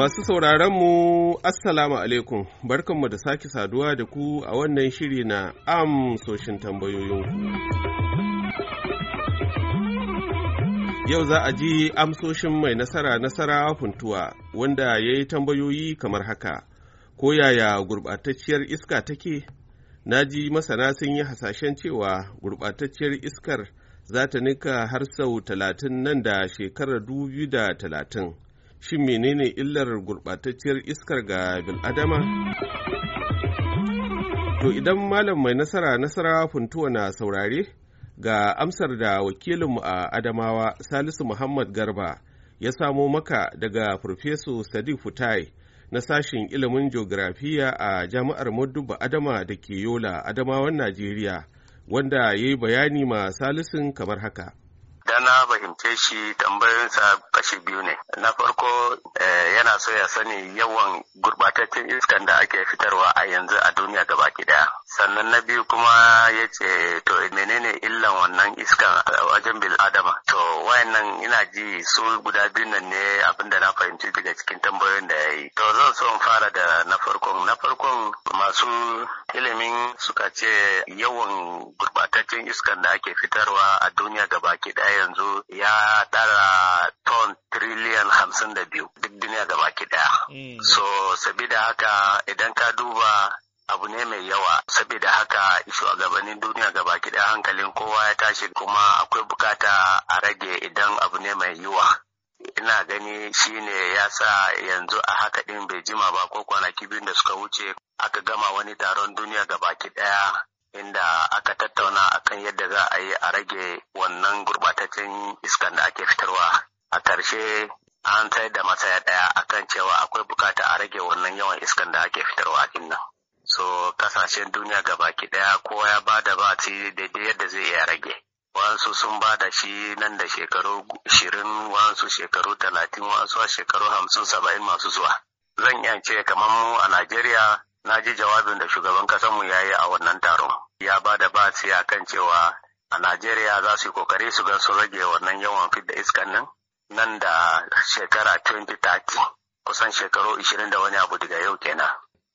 Masu mu Assalamu alaikum, barkanmu da sake saduwa da ku a wannan shiri na amsoshin tambayoyinku. Yau za a ji amsoshin mai nasara nasara funtuwa wanda ya yi tambayoyi kamar haka, ko yaya gurɓatacciyar iska take? Na ji masana sun yi hasashen cewa gurɓatacciyar iskar za ta nika har sau talatin nan da shekarar dubu da talatin. shin menene illar gurɓatacciyar iskar ga bil'adama? To idan malam mai nasara nasara funtuwa na saurare ga amsar da wakilinmu a Adamawa Salisu Muhammad Garba ya samo maka daga Farfeso Sadiq Futai na sashen ilimin geografiya a Jami'ar Modubba Adama da ke Yola, Adamawan Najeriya, wanda ya yi bayani ma Salisun kamar haka. da na fahimce shi tambayoyinsa kashi biyu ne na farko eh, yana so ya sani yawan gurbataccen iskan da ake fitarwa a yanzu a duniya gaba daya sannan na biyu kuma ya ce to menene illan wannan iska a wajen bil adama to wayannan ina ji su guda biyu nan ne abinda na fahimci daga cikin tambayoyin da ya yi to zan so in fara da na farkon na farkon masu ilimin suka ce yawan gurbataccen iskan da ake fitarwa a duniya baki daya yanzu ya tara ton triliyan hamsin da biyu duk duniya baki daya mm. so sabida haka idan ka duba abu ne mai yawa saboda haka shugabannin duniya gaba ɗaya hankalin kowa ya tashi kuma akwai bukata a rage idan abu ne mai yiwa ina gani shine ya sa yanzu a haka ɗin bai jima ba ko kwanaki biyu da suka wuce aka gama wani taron duniya gabaki ɗaya inda aka tattauna akan yadda za a yi a rage wannan gurbataccen iskan da ake fitarwa a ƙarshe an tsayar da masaya ɗaya akan cewa akwai bukata a rage wannan yawan iskan da ake fitarwa a nan. so kasashen duniya gabaki daya kowa ya ba ba ci daidai yadda zai iya rage wasu sun ba da shi nan da shekaru shirin wasu shekaru talatin wasu shekaru hamsin saba'in masu zuwa zan iya ce kamar mu a najeriya na ji jawabin da shugaban mu ya yi a wannan taron ya ba da ba a kan cewa a najeriya za su yi kokari su ga su rage wannan yawan fidda iskan nan nan da shekara 2030 kusan shekaru 20 da wani abu daga yau kenan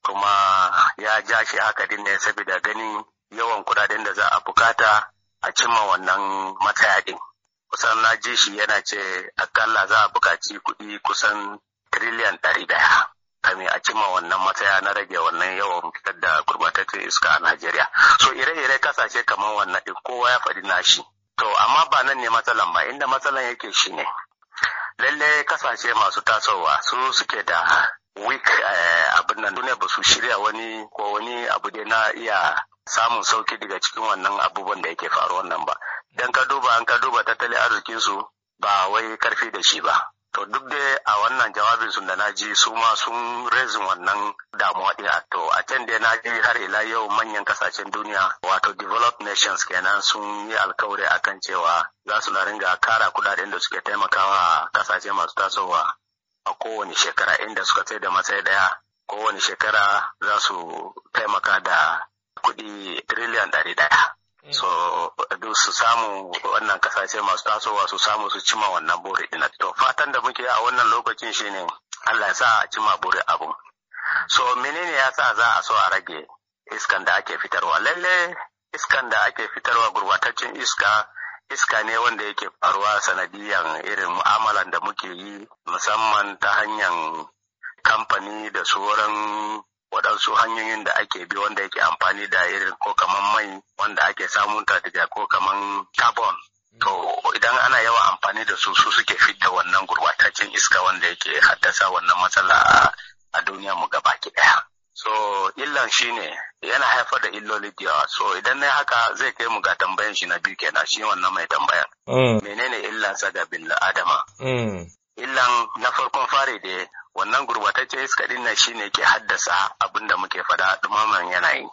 kuma ya ja shi haka din ne saboda ganin yawan kudaden da za a bukata a cimma wannan mataya din kusan na ji shi yana ce akalla za a bukaci kuɗi kusan triliyan ɗari daya Kami a cimma wannan matsaya na rage wannan yawan fitar da gurbatattun iska a Najeriya. So ire-ire kasashe kamar wannan ɗin kowa ya faɗi nashi. To amma ba nan ne matsalan ba inda matsalan yake shi ne. Lallai kasashe masu tasowa su suke da week eh, abin nan duniya ba su shirya wani ko wani abu da na iya samun sauki daga cikin wannan abubuwan da yake faru wannan ba dan ka duba an ka duba tattalin arzikin su ba wai karfi da shi ba to duk da a wannan jawabin sun da na ji su ma sun rezin wannan damuwa din to a can dai na ji har ila yau manyan kasashen duniya wato developed nations kenan sun yi alkawari akan cewa za su na ringa kara kudaden da suke taimakawa kasashe masu tasowa a kowane shekara inda suka tsaye da matsayi daya kowane shekara za su taimaka da kuɗi triliyan ɗari daya. Hmm. So duk su samu wannan kasashe masu tasowa su samu su cima wannan buri ɗin. To fatan da muke a wannan lokacin shine Allah ya sa a cima buri abu. So menene ya sa za a so a rage iskan da ake fitarwa? Lalle iskan da ake fitarwa gurbataccen iska iska ne wanda yake faruwa sanadiyan irin mu'amalan da muke yi musamman ta hanyar kamfani da sauran waɗansu hanyoyin da ake bi wanda yake amfani da irin ko kaman mai wanda ake samun ta daga ko kaman carbon to idan ana yawan amfani da su su suke fitta wannan gurbataccen iska wanda yake haddasa wannan matsala a duniya mu gaba ki daya So illan shi ne yana haifar da illoli da So idan na haka zai kai mu ga tambayan shi na biyu kenan shi wannan mai tambayar. Mm. Menene illansa ga bin adama? Mm. Illan na farkon fari da wannan gurbatacce iska din nan ne ke haddasa abin da muke fada dumaman yanayi.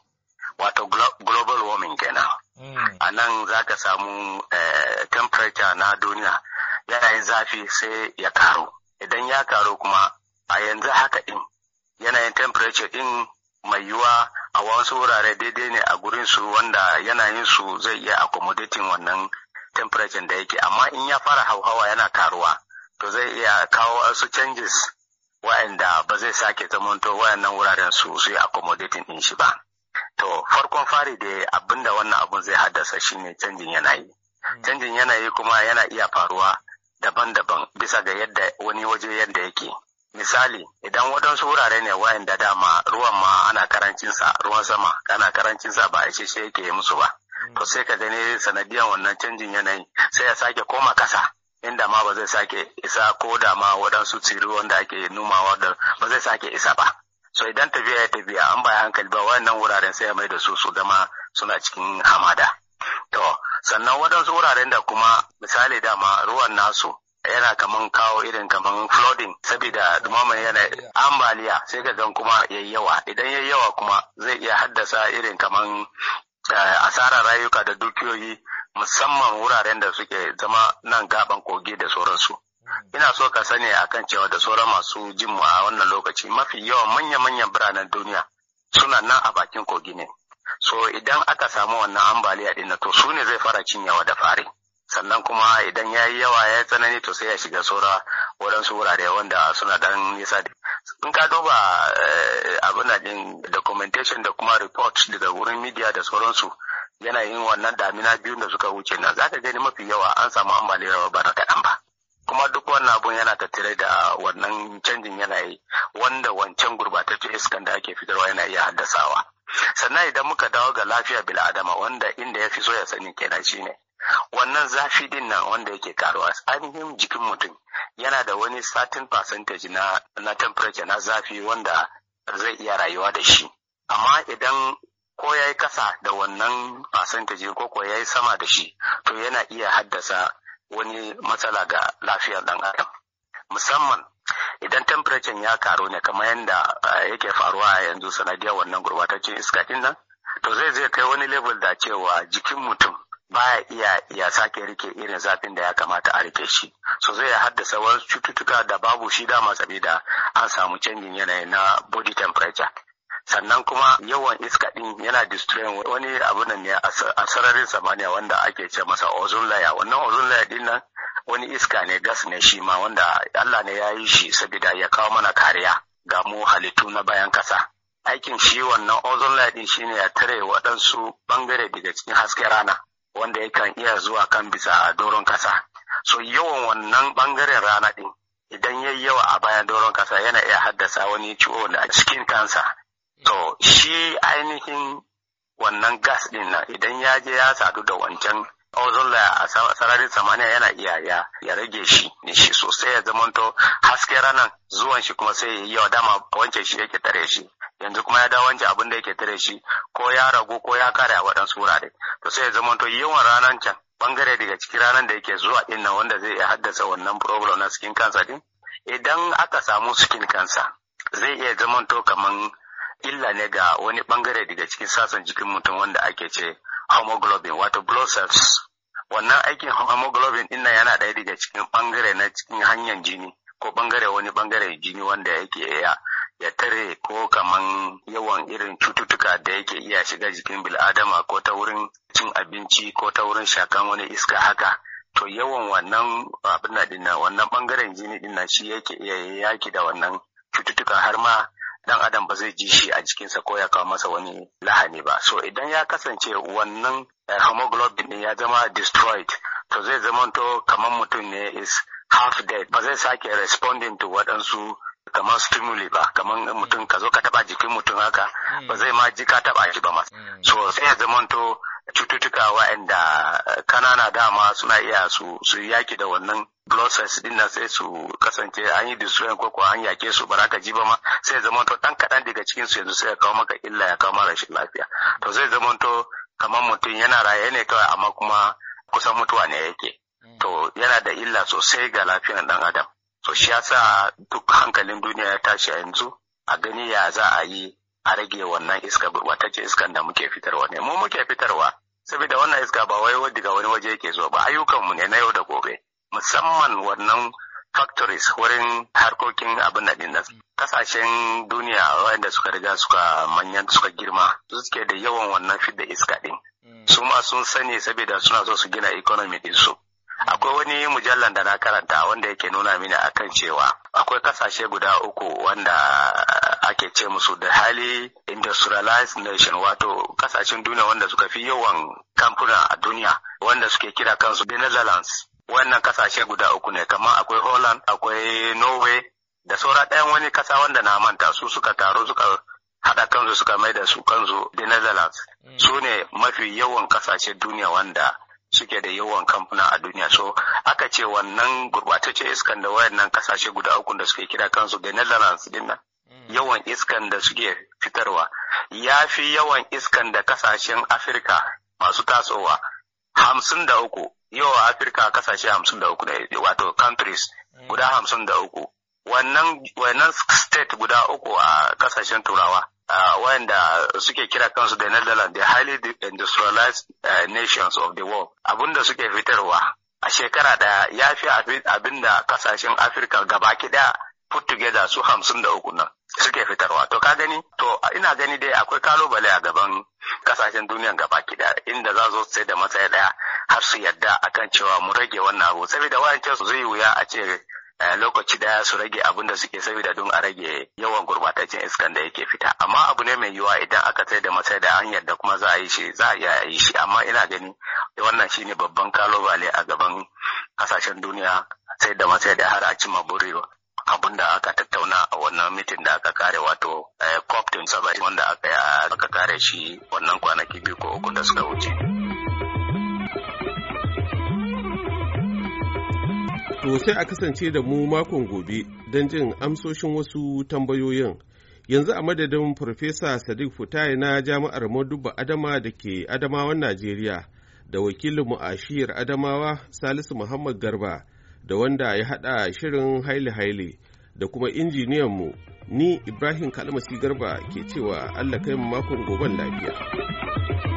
Wato global warming kenan. Mm. A nan za ka samu eh, temperature na duniya yanayin zafi sai ya karu. Idan ya karu kuma a yanzu haka din yanayin temperature din mai yiwuwa a wasu wurare daidai ne a gurin su wanda yanayin su zai iya accommodating wannan temperature da yake amma in ya fara hauhawa yana karuwa to zai iya kawo wasu changes wa'anda ba zai sake zamanto wayannan wuraren su su yi accommodating din shi ba to farkon fari da abinda wannan abun zai haddasa shine canjin yanayi hmm. canjin yanayi kuma yana iya faruwa daban-daban bisa ga yadda wani waje yadda yake misali idan wadansu wurare ne wayan da dama ruwan ma ana karancinsa ruwan sama ana karancinsa ba a ishe yake musu ba hmm. to sai ka gani sanadiyan wannan canjin yanayi sai ya sake koma kasa inda ma ba zai sake isa ko da ma waɗansu tsiri wanda ake numawa da ba zai sake isa ba so idan tafiya ya tafiya an baya hankali ba wayannan wuraren sai ya mai da su su zama suna cikin hamada to sannan waɗansu wuraren da kuma misali dama ruwan nasu yana kaman kawo irin kaman flooding saboda dumaman yana ambaliya sai ka gan kuma yayi yawa idan yayi yawa kuma zai iya haddasa irin kaman eh, asarar rayuka da dukiyoyi musamman wuraren da suke zama nan gaban kogi da sauransu. Hmm. Ina so ka sani akan cewa da sauran masu jin a wannan lokaci mafi yawan manya-manyan biranen duniya suna nan a bakin kogi ne. So idan aka samu wannan ambaliya din to su ne zai fara cinyawa da fari. sannan kuma idan ya yi yawa ya tsanani to sai ya shiga saura waɗansu wurare wanda suna dan nisa in ka duba eh, abin da documentation da kuma report daga wurin media da sauransu yana yin wannan damina biyun da suka wuce nan ka gani mafi yawa an samu ambaliyar ba na kaɗan ba kuma duk wannan abun yana tattare da wannan canjin yanayi wanda wancan gurbatacce iskan da ake fitarwa yana iya haddasawa sannan idan muka dawo ga lafiya bil adama wanda inda ya fi so ya sani kenan shine wannan zafi din na wanda yake karuwa ainihin jikin mutum yana da wani satin percentage na na temperature na zafi wanda zai iya rayuwa da shi amma idan ko ya yi kasa da wannan percentage ko ko ya yi sama da shi to yana iya haddasa wani matsala ga lafiyar dan adam musamman idan temperature ya karu ne kamar yadda eh, yake faruwa a yanzu sanadiyar wannan gurbataccen iska ɗinnan, nan to zai zai kai wani level da cewa jikin mutum baya iya ya sake rike irin zafin da ya kamata a rike shi so zai haddasa wasu cututtuka da babu shi dama da an samu canjin yanayi na body temperature sannan kuma yawan iska din yana destroying wani abu ne a sararin samaniya wanda ake ce masa ozone layer wannan ozone layer din nan wani iska ne gas ne shi ma wanda Allah ne ya yi shi sabida ya kawo mana kariya ga mu halittu na bayan kasa aikin shi wannan ozone layer din shine ya tare waɗansu bangare daga cikin hasken rana wanda yakan iya zuwa kan bisa a doron kasa so yawan wannan bangaren rana ɗin, idan ya yi yawa a bayan doron kasa yana iya haddasa wani ciwo da a cikin kansa to shi ainihin wannan gas din nan idan ya je ya sadu da wancan ozon a sararin samaniya yana iya ya rage shi ne shi sosai ya zamanto haske ranar zuwan shi kuma sai ya yi dama wancan shi yake tare shi yanzu kuma ya dawo wancan abin da yake tare shi ko ya ragu ko ya kare a waɗansu wurare to sai ya zama to yawan ranar can bangare daga cikin ranar da yake zuwa din nan wanda zai iya haddasa wannan problem na skin cancer din idan aka samu skin cancer zai iya zama to kaman illa ne ga wani bangare daga cikin sassan jikin mutum wanda ake ce homoglobin wato blood cells wannan aikin homoglobin din yana ɗaya daga cikin bangare na cikin hanyar jini ko bangare wani bangare jini wanda yake ya ya tare ko kaman yawan irin cututtuka da yake iya shiga jikin bil'adama ko ta wurin cin abinci ko ta wurin shakan wani iska haka to yawan wannan abin na wannan bangaren jini dinna shi yake iya yaki da wannan cututtuka har ma dan adam ba zai ji shi a jikinsa ko ya kawo masa wani lahani ba so idan ya kasance wannan hemoglobin eh, ya zama destroyed to zai zamanto kamar mutum ne is half dead ba zai sake responding to waɗansu kamar stimuli ba kamar mutum ka zo ka taba jikin mutum haka hmm. ba zai ma ji ka taba shi ba ma hmm. so sai ya zamanto cututtuka waɗanda kanana dama suna iya su su yaki da wannan cells din nan sai su kasance an yi disuwan ko kuwa an yake su ba ka ji ba ma sai zamanto dan kaɗan daga cikin su yanzu sai ya kawo maka illa ya kawo rashin lafiya to zai zamanto kamar mutum yana raye ne kawai amma kuma kusan mutuwa ne yake yana da illa sosai ga lafiyar ɗan adam so shi yasa duk hankalin duniya ya tashi a yanzu a gani ya za a yi a rage wannan iska gurbatacce iskan da muke fitarwa ne mu muke fitarwa saboda wannan iska ba wai daga wani waje yake zuwa ba ayyukanmu ne na yau da gobe musamman wannan factories wurin harkokin abin da dinnan kasashen duniya wanda suka riga suka manyan suka girma suke da yawan wannan fidda iska din mm. su ma sun sani saboda suna so su gina economy din su akwai wani mujallar da na karanta wanda yake nuna mini akan cewa akwai kasashe guda uku wanda ake ce musu da hali industrialized nation wato kasashen duniya wanda suka fi yawan kamfuna a duniya wanda suke kira kansu the netherlands wannan kasashe guda uku ne kamar akwai holland akwai norway da saura ɗayan wani kasa wanda na manta su suka taru suka haɗa kansu suka mai da su kansu the netherlands mm. su ne mafi yawan kasashe duniya wanda suke da yawan kamfuna a duniya so aka ce wannan gurbatacce iskan da wayannan kasashe guda uku da suke kira kansu da Netherlands din nan mm. yawan iskan da suke fitarwa ya fi yawan iskan da kasashen Afirka masu tasowa hamsin da uku yawa Afirka kasashe hamsin da uku ne, wato countries mm. guda hamsin da uku wannan state guda uku a kasashen turawa Ah, wayanda suke kira kansu da Netherlands the highly industrialized eh, nations of the world abinda suke fitarwa a shekara da ya fi abinda kasashen Afirka gaba kida put together su hamsin da uku nan suke fitarwa to ka gani to ina gani dai akwai kalubale a gaban kasashen duniya gaba kida inda za su sai da matsayi ɗaya har su yadda akan cewa mu rage wannan abu saboda wayancin su zai wuya a ce Eh, lokaci daya su rage abin da suke saboda don a rage yawan gurbataccen iskan da yake fita amma abu ne mai yiwuwa idan aka sai da masai da hanyar da kuma za a yi shi za a yi shi amma ina gani wannan shine babban kalubale a gaban kasashen duniya sai da masai da har a cima abin da aka tattauna a wannan mitin da aka kare wato eh, cop 27 wanda aka kare shi wannan kwanaki biyu ko uku da suka wuce. To sai a kasance da mu makon gobe don jin amsoshin wasu tambayoyin. Yanzu a madadin Farfesa Sadiq Futai na Jami'ar Maduba Adama da ke Adamawan Najeriya da wakilinmu a shiyar Adamawa Salisu Muhammad Garba da wanda ya haɗa shirin haile-haile da kuma injiniyanmu ni Ibrahim Kalmasi Garba ke cewa Allah kai makon goben lafiya.